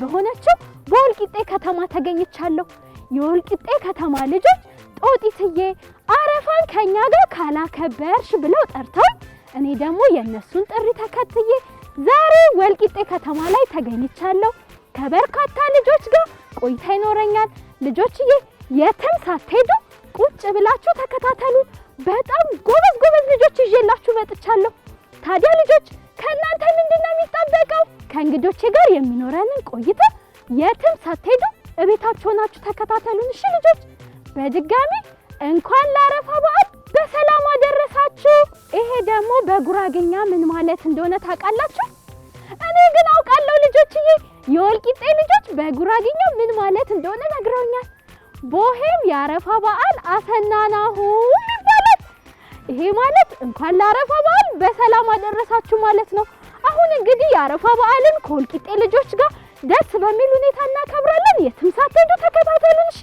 በሆነችው በወልቂጤ ከተማ ተገኝቻለሁ። የወልቂጤ ከተማ ልጆች ጦጢትዬ አረፋን ከኛ ጋር ካላከበርሽ ብለው ጠርተው እኔ ደግሞ የእነሱን ጥሪ ተከትዬ ዛሬ ወልቂጤ ከተማ ላይ ተገኝቻለሁ። ከበርካታ ልጆች ጋር ቆይታ ይኖረኛል። ልጆችዬ የትም ሳትሄዱ ቁጭ ብላችሁ ተከታተሉ። በጣም ጎበዝ ጎበዝ ልጆች ይዤላችሁ መጥቻለሁ። ታዲያ ልጆች ከእናንተ ምንድን ነው የሚጠበቀው? ከእንግዶቼ ጋር የሚኖረንን ቆይታ የትም ሳትሄዱ እቤታችሁ ሆናችሁ ተከታተሉን። እሺ ልጆች፣ በድጋሚ እንኳን ለአረፋ በዓል በሰላም አደረሳችሁ። ይሄ ደግሞ በጉራግኛ ምን ማለት እንደሆነ ታውቃላችሁ? እኔ ግን አውቃለሁ ልጆችዬ። የወልቂጤ ልጆች በጉራግኛ ምን ማለት እንደሆነ ነግረውኛል። ቦሄም የአረፋ በዓል አሰናናሁ ይሄ ማለት እንኳን ለአረፋ በዓል በሰላም አደረሳችሁ ማለት ነው። አሁን እንግዲህ የአረፋ በዓልን ከወልቂጤ ልጆች ጋር ደስ በሚል ሁኔታ እናከብራለን። የትም ሳትሄዱ ተከታተሉን እሺ።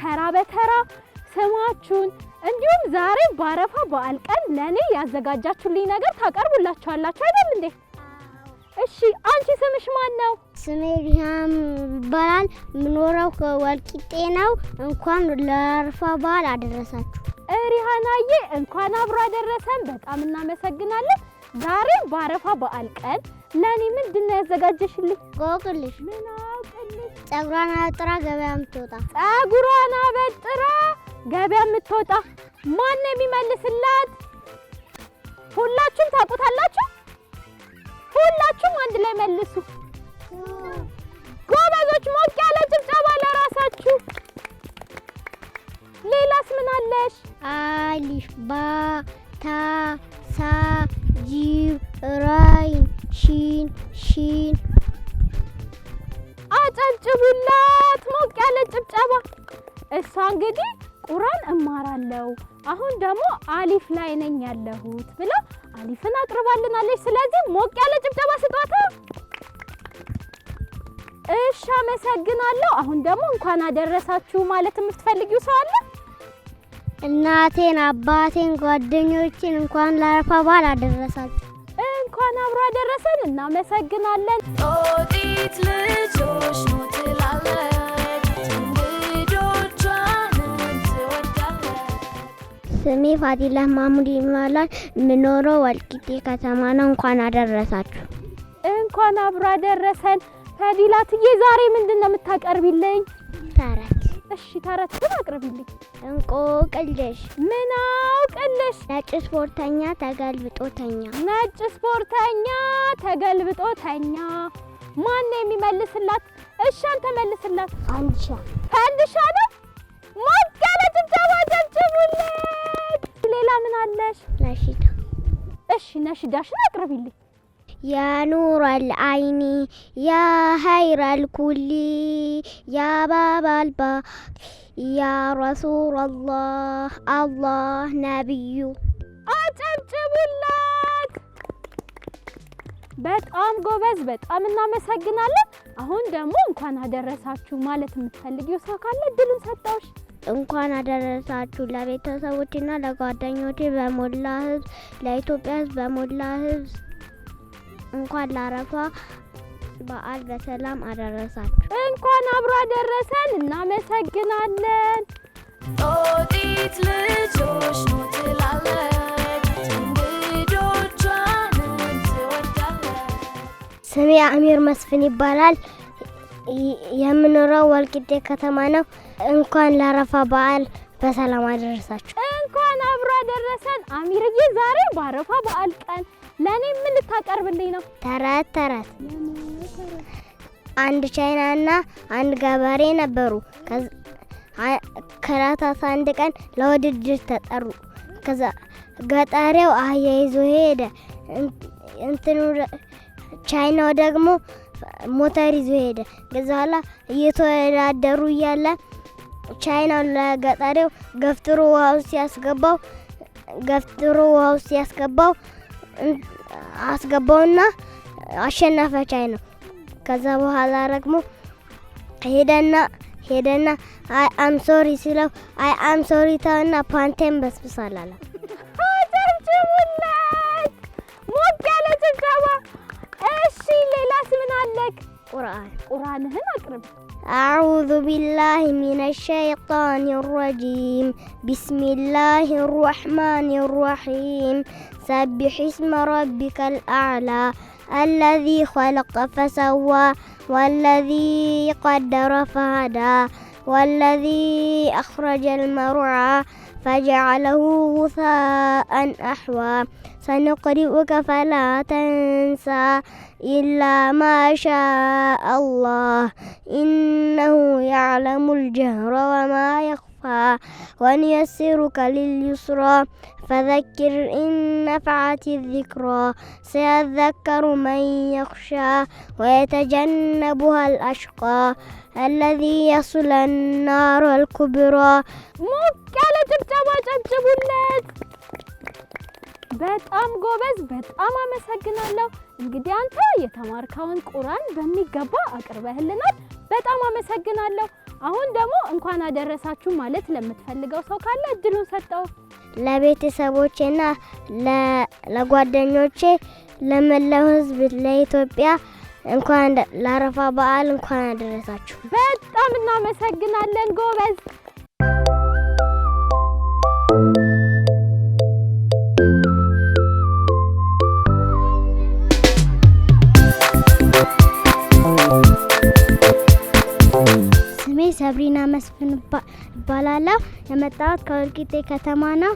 ተራ በተራ ስማችሁን እንዲሁም ዛሬ ባረፋ በዓል ቀን ለእኔ ያዘጋጃችሁልኝ ነገር ታቀርቡላችኋላችሁ አይደል እንዴ? እሺ አንቺ ስምሽ ማን ነው? ስሜ ቢሃም ይባላል። የምኖረው ከወልቂጤ ነው። እንኳን ለአረፋ በዓል አደረሳችሁ። ሪሃናዬ እንኳን አብሮ አደረሰን። በጣም እናመሰግናለን። ዛሬ ባረፋ በዓል ቀን ለእኔ ምንድን ነው ያዘጋጀሽልኝ? ቆቅልሽ ምን አውቅልሽ? ፀጉሯን አበጥራ ገበያ የምትወጣ ፀጉሯን አበጥራ ገበያ የምትወጣ ማን የሚመልስላት? ሁላችሁም ታውቁታላችሁ? ሁላችሁም አንድ ላይ መልሱ። ጎበዞች፣ ሞቅ ያለ ጭብጨባ ለራሳችሁ። ሌላስ ምን አለሽ? አሊፍ ባ ታ ሳ ጂም ራይም ሺን ሺን አጨብጭቡላት ሞቅ ያለ ጭብጨባ። እሷ እንግዲህ ቁራን እማራለሁ አሁን ደግሞ አሊፍ ላይ ነኝ ያለሁት ብላ አሊፍን አቅርባልናለች። ስለዚህ ሞቅ ያለ ጭብጨባ ስጧታ። እሺ አመሰግናለሁ። አሁን ደግሞ እንኳን አደረሳችሁ ማለት የምትፈልጊው ሰው አለ? እናቴን፣ አባቴን፣ ጓደኞችን እንኳን ለአረፋ በዓል አደረሳችሁ። እንኳን አብሮ አደረሰን። እናመሰግናለን። ጦጢት ልጆች ነው ትላለች ስሜ ፋዲላ ማሙድ ይባላል። የምኖረው ወልቂጤ ከተማ ነው። እንኳን አደረሳችሁ። እንኳን አብሮ አደረሰን። ፋዲላትዬ ዛሬ ምንድን ነው የምታቀርቢልኝ? እሺ ተረት ግን አቅርቢልኝ። እንቆቅልሽ ምን አውቅልሽ? ነጭ ስፖርተኛ ተገልብጦተኛ ነጭ ስፖርተኛ ተገልብጦተኛ ማን ነው የሚመልስላት? እሻን ተመልስላት። መልስላት። አንሻ ነው። ሞት ያለ ጭብጨባ ሌላ ምን አለሽ? ነሽዳ። እሺ ነሽዳሽን አቅርቢልኝ። ያ ኑረል አይኒ ያ ሀይረል ኩሊ ያ ባባልባ ያ ረሱለላህ አላህ ነቢዩ አጨብጭቡላት። በጣም ጎበዝ፣ በጣም እናመሰግናለን። አሁን ደግሞ እንኳን አደረሳችሁ ማለት የምትፈልጊው ሰው ካለ እድሉን ሰጠውሽ። እንኳን አደረሳችሁ ለቤተሰቦችና ለጓደኞቼ በሞላ ህዝብ፣ ለኢትዮጵያ ህዝብ በሞላ ህዝብ እንኳን ለአረፋ በዓል በሰላም አደረሳችሁ። እንኳን አብሮ አደረሰን። እናመሰግናለን። ጦጢት ልጆች ነው ትላለች እንግዶቿን ትወዳለች። ስሜ አሚር መስፍን ይባላል። የምኖረው ወልቂጤ ከተማ ነው። እንኳን ለአረፋ በዓል በሰላም አደረሳችሁ። እንኳን አብሮ አደረሰን። አሚርዬ ዛሬ በአረፋ በዓል ቀን ለእኔ ምን ልታቀርብልኝ ነው? ተረት ተረት። አንድ ቻይናና አንድ ገበሬ ነበሩ። ከዕለታት አንድ ቀን ለውድድር ተጠሩ። ከዛ ገጠሬው አህያ ይዞ ሄደ። እንትኑ ቻይናው ደግሞ ሞተር ይዞ ሄደ። ከዛ ኋላ እየተወዳደሩ እያለ ቻይናው ለገጠሬው ገፍትሮ ውሃ ውስጥ ገፍትሮ ውሃ ውስጥ አስገባውና አሸናፈች አይ ነው። ከዛ በኋላ ደግሞ ሄደና ሄደና አይ አም ሶሪ ሲለው አይ አም ሶሪ ታውና ፓንቴን በስብሳላለ አጨብጭቡለት ሞቅ ያለ ጭብጨባ። እሺ ሌላስ ምን አለክ? قرآن قرآنهن أقرب أعوذ بالله من الشيطان الرجيم بسم الله الرحمن الرحيم سبح اسم ربك الأعلى الذي خلق فسوى والذي قدر فهدى والذي أخرج المرعى فجعله غثاء أحوى سنقرئك فلا تنسى إلا ما شاء الله إنه يعلم الجهر وما يخفى تسعى ونيسرك لليسرى فذكر إن نفعت الذكرى سيذكر من يخشى ويتجنبها الأشقى الذي يصل النار الكبرى موكلة ብታዋጫጭቡ በጣም ጎበዝ፣ በጣም አመሰግናለሁ። እንግዲህ አንተ የተማርከውን ቁራን በሚገባ አቅርበህልናል። በጣም አመሰግናለሁ። አሁን ደግሞ እንኳን አደረሳችሁ ማለት ለምትፈልገው ሰው ካለ እድሉን ሰጠው። ለቤተሰቦቼና ለጓደኞቼ፣ ለመላው ሕዝብ፣ ለኢትዮጵያ እንኳን ለአረፋ በዓል እንኳን አደረሳችሁ። በጣም እናመሰግናለን ጎበዝ። መስፍን እባላለሁ። የመጣሁት ከወልቂጤ ከተማ ነው።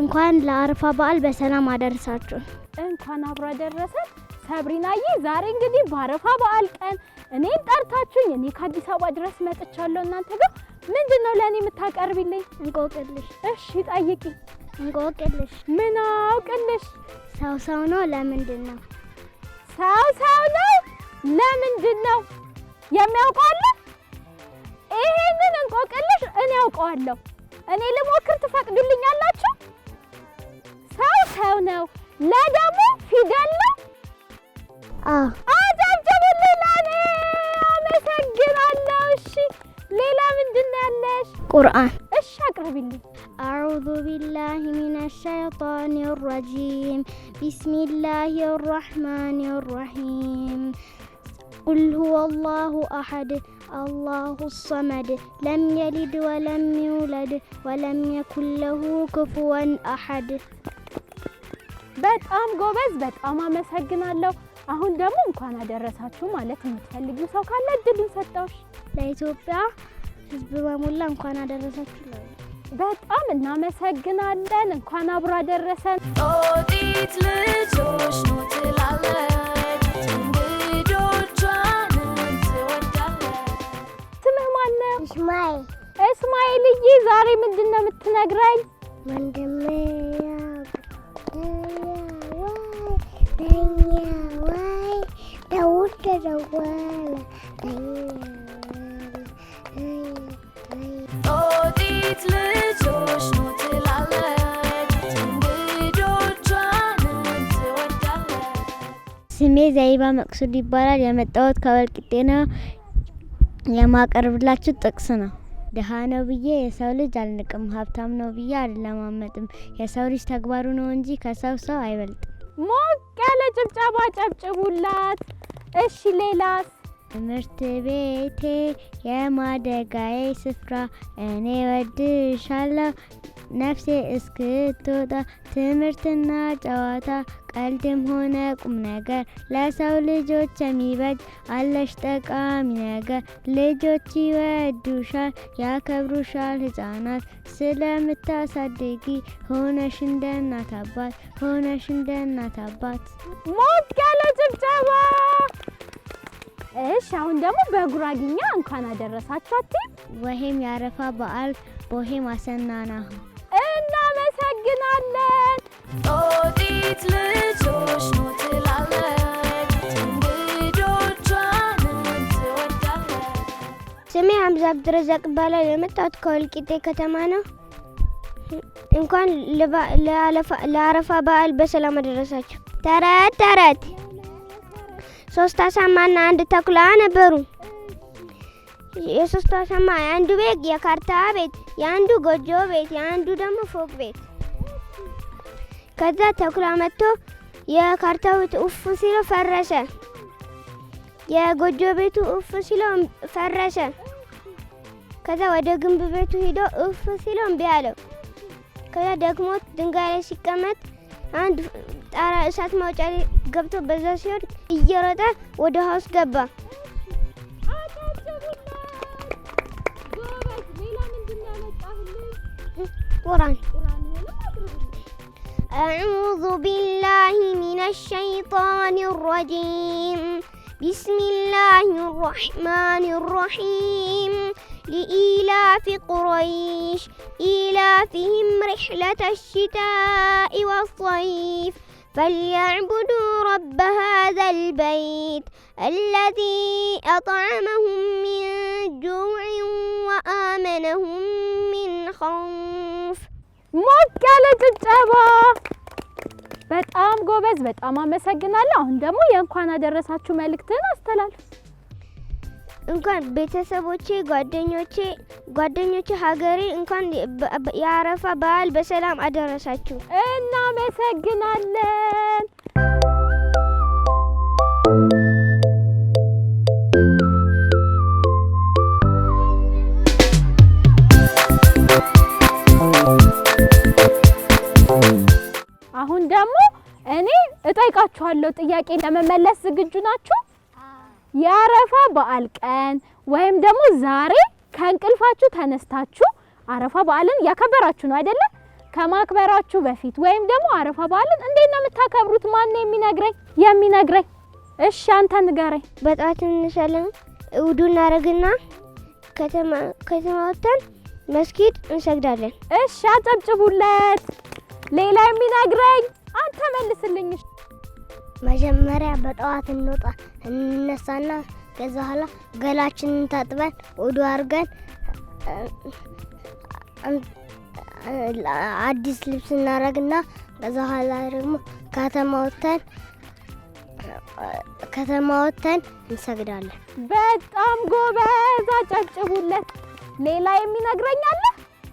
እንኳን ለአረፋ በዓል በሰላም አደረሳችሁ። እንኳን አብሮ አደረሰን። ሰብሪናዬ ዛሬ እንግዲህ በአረፋ በዓል ቀን እኔን ጠርታችሁኝ እኔ ከአዲስ አበባ ድረስ መጥቻለሁ። እናንተ ጋር ምንድን ነው ለእኔ የምታቀርብልኝ? እንቆቅልሽ። እሺ ጠይቂ። እንቆቅልሽ። ምን አውቅልሽ? ሰው ሰው ነው ለምንድን ነው? ሰው ሰው ነው ለምንድን ነው? የሚያውቀው አለ ይሄንን እንቆቅልሽ እኔ አውቀዋለሁ። እኔ ልሞክር ትፈቅዱልኛላችሁ? ሰው ሰው ነው፣ ለደሙ ፊደል ነው። አጨብጭቡልኝ ለእኔ። አመሰግናለሁ። እሺ ሌላ ምንድን ነው ያለሽ? ቁርአን። እሺ አቅርቢልኝ። አዑዙ ቢላሂ ሚነ ሸይጣን ረጂም ቢስሚላሂ ረሕማን ረሒም ቁል ሁወ አላሁ አሐድ አላሁ ሰመድ ለም የሊድ ወለም ይውለድ ወለም የኩን ለሁ ክፉወን አሐድ። በጣም ጎበዝ፣ በጣም አመሰግናለሁ። አሁን ደግሞ እንኳን አደረሳችሁ ማለት የምትፈልጊው ሰው ካለ እድሉን ሰጠውሽ። ለኢትዮጵያ ሕዝብ በሙላ እንኳን አደረሳችሁ። በጣም እናመሰግናለን። እንኳን አብሮ አደረሰን። ጦጢት ልጆች ኖትላለን እስማኤል እስማኤልዬ ዛሬ ምንድን ነው የምትነግረኝ? ወንድሜ ዳዊት ተደወለ ልጆች ነው ትላለች እንግዶቿን ትወዳለች። ስሜ ዘይባ መቅሱድ ይባላል። የመጣሁት ከወልቂጤ ነው። የማቀርብላችሁ ጥቅስ ነው። ድሀ ነው ብዬ የሰው ልጅ አልንቅም፣ ሀብታም ነው ብዬ አልለማመጥም። የሰው ልጅ ተግባሩ ነው እንጂ ከሰው ሰው አይበልጥም። ሞቅ ያለ ጭብጨባ ጨብጭቡላት። እሺ ሌላስ? ትምህርት ቤቴ የማደጋዬ ስፍራ፣ እኔ ወድሻለሁ ነፍሴ እስክትወጣ ትምህርትና ጨዋታ ቀልድም ሆነ ቁም ነገር ለሰው ልጆች የሚበጅ አለሽ ጠቃሚ ነገር። ልጆች ይወዱሻል፣ ያከብሩሻል ህጻናት ስለምታሳድጊ ሆነሽ እንደ እናት አባት ሆነሽ እንደ እናት አባት። ሞት ያለ ጭብጨባ! እሽ፣ አሁን ደግሞ በጉራጊኛ እንኳን አደረሳችኋት። ወሄም ያረፋ በዓል ቦሄም አሰናናሁ እናመሰግናለን። ኦዲት ሀምዛ አብድረዛቅ ይባላል። የመጣሁት ከወልቂጤ ከተማ ነው። እንኳን ለአረፋ በዓል በሰላም አደረሳችሁ። ተረት ተረት ሶስት አሳማና አንድ ተኩላ ነበሩ። የሶስቱ አሳማ የአንዱ ቤት የካርታ ቤት፣ የአንዱ ጎጆ ቤት፣ የአንዱ ደግሞ ፎቅ ቤት። ከዛ ተኩላ መጥቶ የካርታ ቤት ኡፍ ሲለው ፈረሰ። የጎጆ ቤቱ ኡፍ ሲለው ፈረሰ። ከዛ ወደ ግንብ ቤቱ ሂዶ እፍ ሲለው እምቢ አለው። ከዛ ደግሞ ድንጋይ ላይ ሲቀመጥ አንድ ጣራ እሳት ማውጫ ላይ ገብቶ በዛ ሲሆን እየሮጠ ወደ ሀውስ ገባ። ቁራን አዑዙ ቢላሂ ሚነ ሸይጣን ረጂም ቢስሚላሂ ረሕማን ረሒም لإيلاف قريش إيلافهم رحلة الشتاء والصيف فليعبدوا رب هذا البيت الذي أطعمهم من جوع وآمنهم من خوف ሞት ጭብጨባ በጣም ጎበዝ፣ በጣም አመሰግናለሁ። አሁን ደግሞ የእንኳን አደረሳችሁ መልእክትን አስተላልፍ። እንኳን ቤተሰቦቼ፣ ጓደኞቼ ጓደኞቼ፣ ሀገሬ እንኳን የአረፋ በዓል በሰላም አደረሳችሁ። እናመሰግናለን። አሁን ደግሞ እኔ እጠይቃችኋለሁ። ጥያቄ ለመመለስ ዝግጁ ናችሁ? የአረፋ በዓል ቀን ወይም ደግሞ ዛሬ ከእንቅልፋችሁ ተነስታችሁ አረፋ በዓልን ያከበራችሁ ነው አይደለም? ከማክበራችሁ በፊት ወይም ደግሞ አረፋ በዓልን እንዴት ነው የምታከብሩት? ማን ነው የሚነግረኝ የሚነግረኝ? እሺ አንተ ንገረኝ። በጠዋት እንሰለም ውዱ እናደርግና ከተማ ወጥተን መስጊድ እንሰግዳለን። እሺ አጨብጭቡለት። ሌላ የሚነግረኝ አንተ መልስልኝ። መጀመሪያ በጠዋት እንወጣ እንነሳና ከዛ በኋላ ገላችንን ታጥበን ውዱ አድርገን አዲስ ልብስ እናደርግና ከዛ በኋላ ደግሞ ከተማ ወጥተን ከተማ እንሰግዳለን። በጣም ጎበዝ፣ አጨብጭቡለት። ሌላ የሚነግረኛለ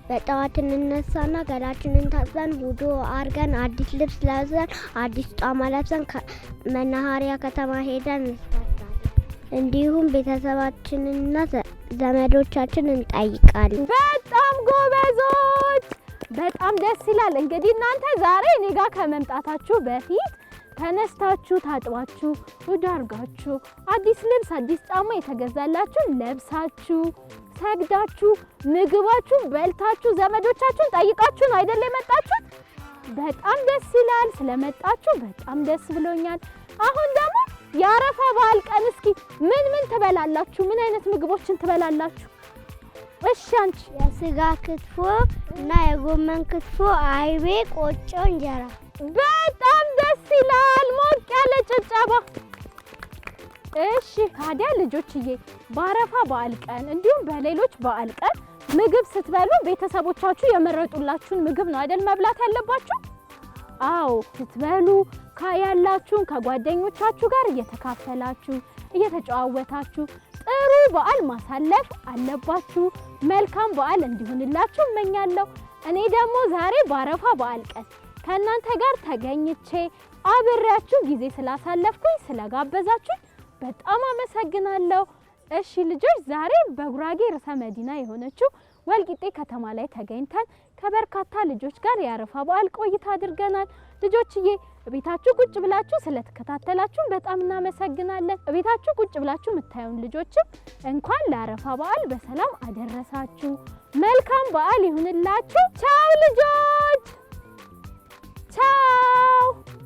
በጠዋት እንነሳና ገላችንን ታጥበን ውዶ አርገን አዲስ ልብስ ለብሰን አዲስ ጫማ ለብሰን መናኸሪያ ከተማ ሄደን እንዲሁም ቤተሰባችንና ዘመዶቻችን እንጠይቃለን። በጣም ጎበዞች፣ በጣም ደስ ይላል። እንግዲህ እናንተ ዛሬ እኔ ጋር ከመምጣታችሁ በፊት ተነስታችሁ ታጥባችሁ ውድ አርጋችሁ አዲስ ልብስ አዲስ ጫማ የተገዛላችሁ ለብሳችሁ ሰግዳችሁ ምግባችሁ በልታችሁ ዘመዶቻችሁን ጠይቃችሁ ነው አይደል የመጣችሁት? በጣም ደስ ይላል። ስለመጣችሁ በጣም ደስ ብሎኛል። አሁን ደግሞ የአረፋ በዓል ቀን እስኪ ምን ምን ትበላላችሁ? ምን አይነት ምግቦችን ትበላላችሁ? እሺ አንቺ? የስጋ ክትፎ እና የጎመን ክትፎ፣ አይቤ፣ ቆጮ፣ እንጀራ በጣም ደስ ይላል። ሞቅ ያለ ጭብጨባ። እሺ ታዲያ ልጆችዬ በአረፋ በዓል ቀን እንዲሁም በሌሎች በዓል ቀን ምግብ ስትበሉ ቤተሰቦቻችሁ የመረጡላችሁን ምግብ ነው አይደል መብላት ያለባችሁ? አዎ ስትበሉ ያላችሁን ከጓደኞቻችሁ ጋር እየተካፈላችሁ እየተጨዋወታችሁ ጥሩ በዓል ማሳለፍ አለባችሁ። መልካም በዓል እንዲሆንላችሁ እመኛለሁ። እኔ ደግሞ ዛሬ በአረፋ በዓል ቀን ከእናንተ ጋር ተገኝቼ አብሬያችሁ ጊዜ ስላሳለፍኩኝ ስለጋበዛችሁኝ በጣም አመሰግናለሁ። እሺ ልጆች ዛሬ በጉራጌ ርዕሰ መዲና የሆነችው ወልቂጤ ከተማ ላይ ተገኝተን ከበርካታ ልጆች ጋር የአረፋ በዓል ቆይታ አድርገናል። ልጆችዬ ቤታችሁ ቁጭ ብላችሁ ስለተከታተላችሁን በጣም እናመሰግናለን። ቤታችሁ ቁጭ ብላችሁ የምታዩን ልጆችም እንኳን ለአረፋ በዓል በሰላም አደረሳችሁ። መልካም በዓል ይሁንላችሁ። ቻው ልጆች። ciao!